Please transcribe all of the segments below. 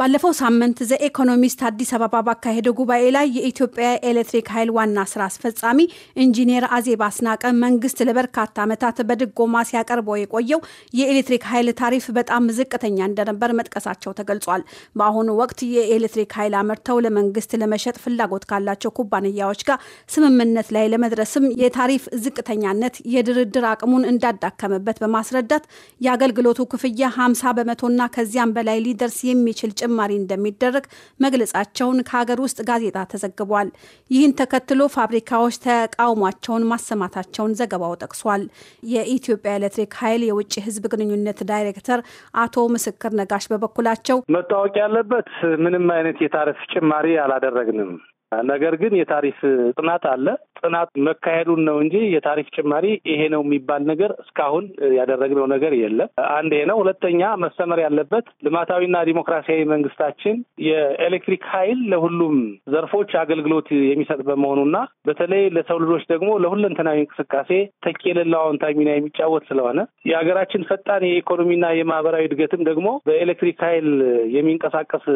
ባለፈው ሳምንት ኢኮኖሚስት አዲስ አበባ ባካሄደው ጉባኤ ላይ የኢትዮጵያ ኤሌክትሪክ ኃይል ዋና ስራ አስፈጻሚ ኢንጂኒየር አዜብ አስናቀ መንግስት ለበርካታ ዓመታት በድጎማ ሲያቀርበው የቆየው የኤሌክትሪክ ኃይል ታሪፍ በጣም ዝቅተኛ እንደነበር መጥቀሳቸው ተገልጿል። በአሁኑ ወቅት የኤሌክትሪክ ኃይል አምርተው ለመንግስት ለመሸጥ ፍላጎት ካላቸው ኩባንያዎች ጋር ስምምነት ላይ ለመድረስም የታሪፍ ዝቅተኛነት የድርድር አቅሙን እንዳዳከመበት በማስረዳት የአገልግሎቱ ክፍያ 50 በመቶና ከዚያም በላይ ሊደርስ የሚችል ጭማሪ እንደሚደረግ መግለጻቸውን ከሀገር ውስጥ ጋዜጣ ተዘግቧል። ይህን ተከትሎ ፋብሪካዎች ተቃውሟቸውን ማሰማታቸውን ዘገባው ጠቅሷል። የኢትዮጵያ ኤሌክትሪክ ኃይል የውጭ ህዝብ ግንኙነት ዳይሬክተር አቶ ምስክር ነጋሽ በበኩላቸው መታወቅ ያለበት ምንም አይነት የታሪፍ ጭማሪ አላደረግንም። ነገር ግን የታሪፍ ጥናት አለ። ጥናት መካሄዱን ነው እንጂ የታሪፍ ጭማሪ ይሄ ነው የሚባል ነገር እስካሁን ያደረግነው ነገር የለም። አንድ ይሄ ነው። ሁለተኛ መሰመር ያለበት ልማታዊና ዲሞክራሲያዊ መንግስታችን የኤሌክትሪክ ኃይል ለሁሉም ዘርፎች አገልግሎት የሚሰጥ በመሆኑና በተለይ ለሰው ልጆች ደግሞ ለሁለንተናዊ እንቅስቃሴ ተኪ የሌለው አዎንታዊ ሚና የሚጫወት ስለሆነ የሀገራችን ፈጣን የኢኮኖሚና የማህበራዊ እድገትም ደግሞ በኤሌክትሪክ ኃይል የሚንቀሳቀስ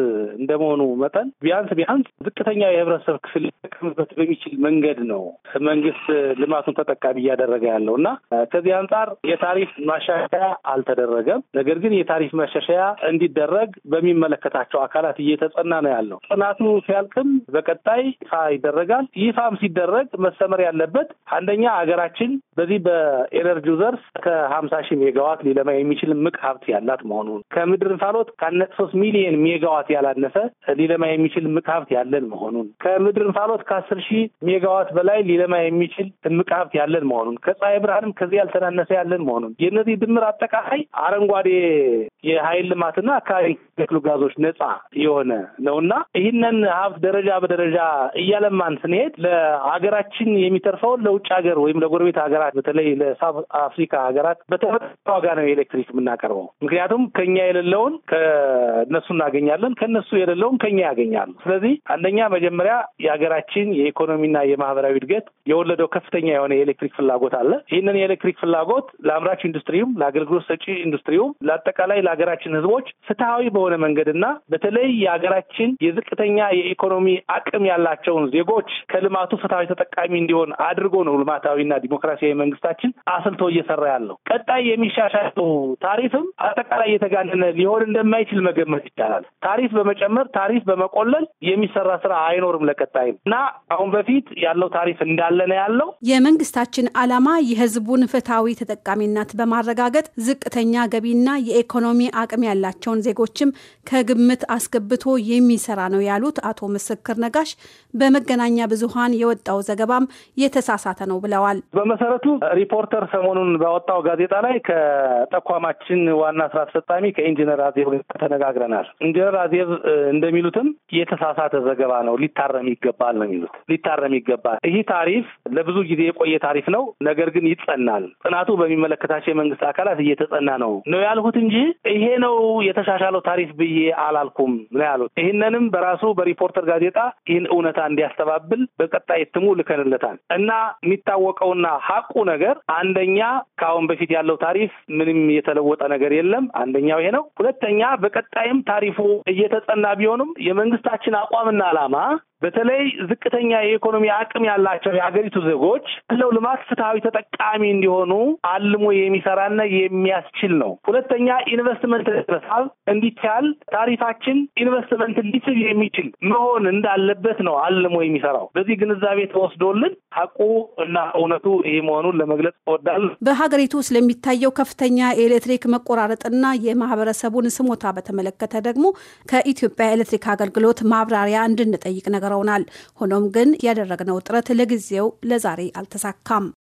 እንደመሆኑ መጠን ቢያንስ ቢያንስ ዝቅተኛ የህብረተሰብ ክፍል ሊጠቀምበት በሚችል መንገድ ነው መንግስት ልማቱን ተጠቃሚ እያደረገ ያለው እና ከዚህ አንጻር የታሪፍ ማሻሻያ አልተደረገም። ነገር ግን የታሪፍ ማሻሻያ እንዲደረግ በሚመለከታቸው አካላት እየተጸና ነው ያለው። ጥናቱ ሲያልቅም በቀጣይ ይፋ ይደረጋል። ይፋም ሲደረግ መሰመር ያለበት አንደኛ ሀገራችን በዚህ በኤነርጂው ዘርፍ ከሀምሳ ሺህ ሜጋዋት ሊለማ የሚችል ምቅ ሀብት ያላት መሆኑን ከምድር እንፋሎት ከአነት ሶስት ሚሊየን ሜጋዋት ያላነሰ ሊለማ የሚችል ምቅ ሀብት ያለን መሆኑን ከምድር እንፋሎት ከአስር ሺህ ሜጋዋት በላይ በላይ ሊለማ የሚችል እምቅ ሀብት ያለን መሆኑን ከፀሐይ ብርሃንም ከዚህ ያልተናነሰ ያለን መሆኑን የእነዚህ ድምር አጠቃላይ አረንጓዴ የሀይል ልማትና አካባቢ ከክሉ ጋዞች ነጻ የሆነ ነው እና ይህንን ሀብት ደረጃ በደረጃ እያለማን ስንሄድ ለሀገራችን የሚተርፈውን ለውጭ ሀገር ወይም ለጎረቤት ሀገራት በተለይ ለሳብ አፍሪካ ሀገራት በተመጣጣኝ ዋጋ ነው የኤሌክትሪክ የምናቀርበው። ምክንያቱም ከኛ የሌለውን ከነሱ እናገኛለን፣ ከነሱ የሌለውን ከኛ ያገኛሉ። ስለዚህ አንደኛ መጀመሪያ የሀገራችን የኢኮኖሚና የማህበራዊ እድገት የወለደው ከፍተኛ የሆነ የኤሌክትሪክ ፍላጎት አለ። ይህንን የኤሌክትሪክ ፍላጎት ለአምራች ኢንዱስትሪውም፣ ለአገልግሎት ሰጪ ኢንዱስትሪውም፣ ለአጠቃላይ ለሀገራችን ህዝቦች ፍትሐዊ በሆነ መንገድና በተለይ የሀገራችን የዝቅተኛ የኢኮኖሚ አቅም ያላቸውን ዜጎች ከልማቱ ፍትሐዊ ተጠቃሚ እንዲሆን አድርጎ ነው ልማታዊና ዲሞክራሲያዊ መንግስታችን አስልቶ እየሰራ ያለው። ቀጣይ የሚሻሻለው ታሪፍም አጠቃላይ የተጋነነ ሊሆን እንደማይችል መገመት ይቻላል። ታሪፍ በመጨመር ታሪፍ በመቆለል የሚሰራ ስራ አይኖርም ለቀጣይም እና አሁን በፊት ያለው ታሪፍ እንዳለ ነው ያለው። የመንግስታችን ዓላማ የህዝቡን ፍትሐዊ ተጠቃሚነት በማረጋገጥ ዝቅተኛ ገቢና የኢኮኖሚ አቅም ያላቸውን ዜጎችም ከግምት አስገብቶ የሚሰራ ነው ያሉት አቶ ምስክር ነጋሽ በመገናኛ ብዙሃን የወጣው ዘገባም የተሳሳተ ነው ብለዋል። በመሰረቱ ሪፖርተር ሰሞኑን ባወጣው ጋዜጣ ላይ ከተቋማችን ዋና ስራ አስፈጻሚ ከኢንጂነር አዜብ ተነጋግረናል። ኢንጂነር አዜብ እንደሚሉትም የተሳሳተ ዘገባ ነው፣ ሊታረም ይገባል ነው የሚሉት። ሊታረም ይገባል። ይህ ታሪፍ ለብዙ ጊዜ የቆየ ታሪፍ ነው። ነገር ግን ይጸናል። ጥናቱ በሚመለከታቸው የመንግስት አካላት እየተጸና ነው ነው ያልሁት እንጂ ይሄ ነው የተሻሻለው ታሪፍ አሪፍ ብዬ አላልኩም ነው ያሉት። ይህንንም በራሱ በሪፖርተር ጋዜጣ ይህን እውነታ እንዲያስተባብል በቀጣይ እትሙ ልከንለታል እና የሚታወቀውና ሀቁ ነገር አንደኛ ከአሁን በፊት ያለው ታሪፍ ምንም የተለወጠ ነገር የለም። አንደኛው ይሄ ነው። ሁለተኛ በቀጣይም ታሪፉ እየተጸና ቢሆንም የመንግስታችን አቋምና ዓላማ በተለይ ዝቅተኛ የኢኮኖሚ አቅም ያላቸው የሀገሪቱ ዜጎች ያለው ልማት ፍትሐዊ ተጠቃሚ እንዲሆኑ አልሞ የሚሰራና የሚያስችል ነው። ሁለተኛ ኢንቨስትመንት መሳብ እንዲቻል ታሪፋችን ኢንቨስትመንት ሊስብ የሚችል መሆን እንዳለበት ነው አልሞ የሚሰራው። በዚህ ግንዛቤ ተወስዶልን ሀቁ እና እውነቱ ይህ መሆኑን ለመግለጽ እወዳለሁ። በሀገሪቱ ስለሚታየው ከፍተኛ የኤሌክትሪክ መቆራረጥና የማህበረሰቡን ስሞታ በተመለከተ ደግሞ ከኢትዮጵያ ኤሌክትሪክ አገልግሎት ማብራሪያ እንድንጠይቅ ነገር ሞክረውናል። ሆኖም ግን ያደረግነው ጥረት ለጊዜው ለዛሬ አልተሳካም።